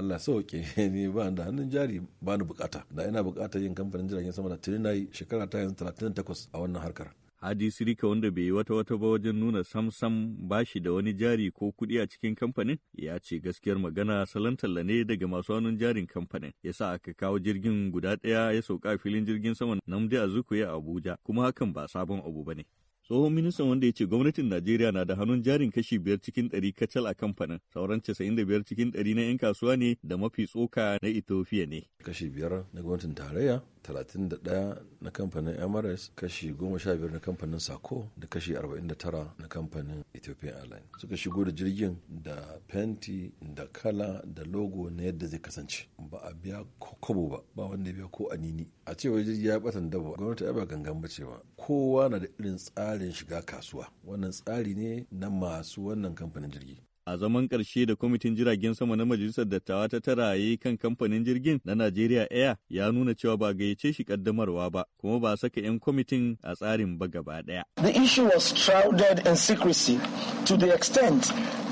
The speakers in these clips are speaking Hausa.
Allah sauke ni ba da hannun jari ba ni bukata da ina bukatar yin kamfanin jiragen sama da tuni shekara ta yanzu 38 a wannan harkar Hadi Sirika wanda bai yi wata wata ba wajen nuna samsam bashi da wani jari ko kuɗi a cikin kamfanin ya ce gaskiyar magana salon talla ne daga masu hannun jarin kamfanin ya sa aka kawo jirgin guda ɗaya ya sauka filin jirgin saman Namdi Azuku ya Abuja kuma hakan ba sabon abu ba ne. tsohon ministan wanda ya ce gwamnatin Najeriya na da hannun jarin kashi biyar cikin ɗari kacal a kamfanin sauran casa'in da biyar cikin ɗari na 'yan kasuwa ne da mafi tsoka na Ethiopia ne. Kashi biyar na gwamnatin tarayya ɗaya na kamfanin emirates kashi goma sha biyar na kamfanin sako da kashi arba'in da tara na kamfanin ethiopian airlines suka shigo da jirgin da fenti da kala da logo na yadda zai kasance ba a biya kobo ba ba wanda ya biya ko anini a cewar jirgi ya batan daba gwamnati ya ba gangan ba cewa ba kowa na da irin tsari tsarin shiga kasuwa wannan tsari ne na masu wannan kamfanin jirgi a zaman karshe da kwamitin jiragen sama na majalisar dattawa ta tara yi kan kamfanin jirgin na Najeriya Air ya nuna cewa ba gayyace shi kaddamarwa ba kuma ba saka 'yan kwamitin a tsarin ba gaba ɗaya. The issue was shrouded in secrecy to the extent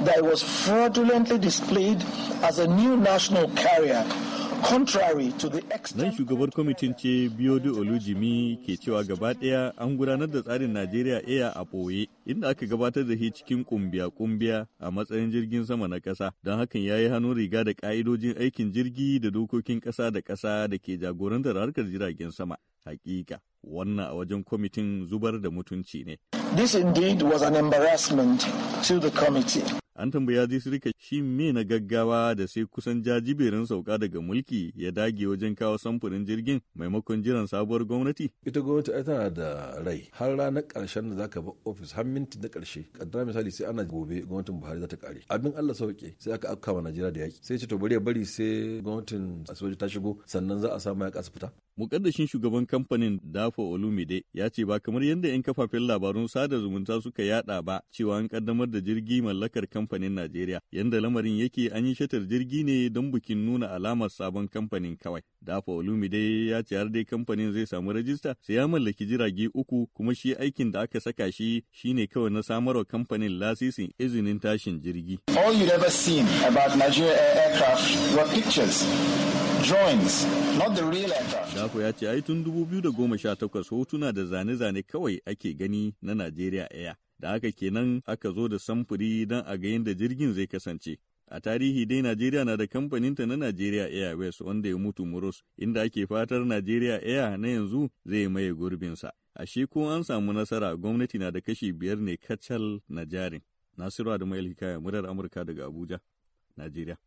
that it was fraudulently displayed as a new national carrier Nan shugabar kwamitin ce Biodu Olujimi ke cewa gaba ɗaya an gudanar da tsarin Najeriya Air a ɓoye inda aka gabatar da shi cikin kumbiya-kumbiya a matsayin jirgin sama na ƙasa don hakan ya yi hannun riga da ƙa'idojin aikin jirgi da dokokin ƙasa da ƙasa da ke jagorantar harkar jiragen sama. Hakika, wannan a wajen kwamitin zubar da mutunci ne. This indeed was an embarrassment to the committee. An tambaya zai shin me na gaggawa da sai kusan jajiberin sauka daga mulki ya dage wajen kawo samfurin jirgin maimakon jiran sabuwar gwamnati? Ita gwamnati ai tana da rai har ranar ƙarshen da zaka bar ofis har minti na ƙarshe. Kaddara misali sai ana gobe gwamnatin Buhari za ta ƙare. Abin Allah sauke sai aka akawa Najeriya da yaƙi. Sai ce to bari ya bari sai gwamnatin asibiti ta shigo sannan za a samu ya ƙasa fita. Mukaddashin shugaban kamfanin Dafo Olumide ya ce ba kamar yadda 'yan kafafen labarun sada zumunta suka yada ba cewa an kaddamar da jirgi mallakar kamfanin Najeriya. Yadda lamarin yake an yi shatar jirgi ne don bikin nuna alamar sabon kamfanin kawai. Dafo Olumide ya ce har dai kamfanin zai samu rajista sai ya mallaki jirage uku kuma shi aikin da aka saka shi shine kawai na samarwa kamfanin lasisin izinin tashin jirgi. All you ever seen about Nigeria aircraft were pictures. joins not the real aircraft. Dako ya ce ai tun 2018 hotuna da zane-zane kawai ake gani na Najeriya Air. Da haka kenan aka zo da samfuri don a ga yadda jirgin zai kasance. A tarihi dai Najeriya na da kamfaninta na Najeriya Airways wanda ya mutu Muros, inda ake fatar Najeriya Air na yanzu zai maye gurbinsa. A shi ko an samu nasara gwamnati na da kashi biyar ne kacal na jarin. Nasiru Adamu Hikaya, murar Amurka daga Abuja, Najeriya.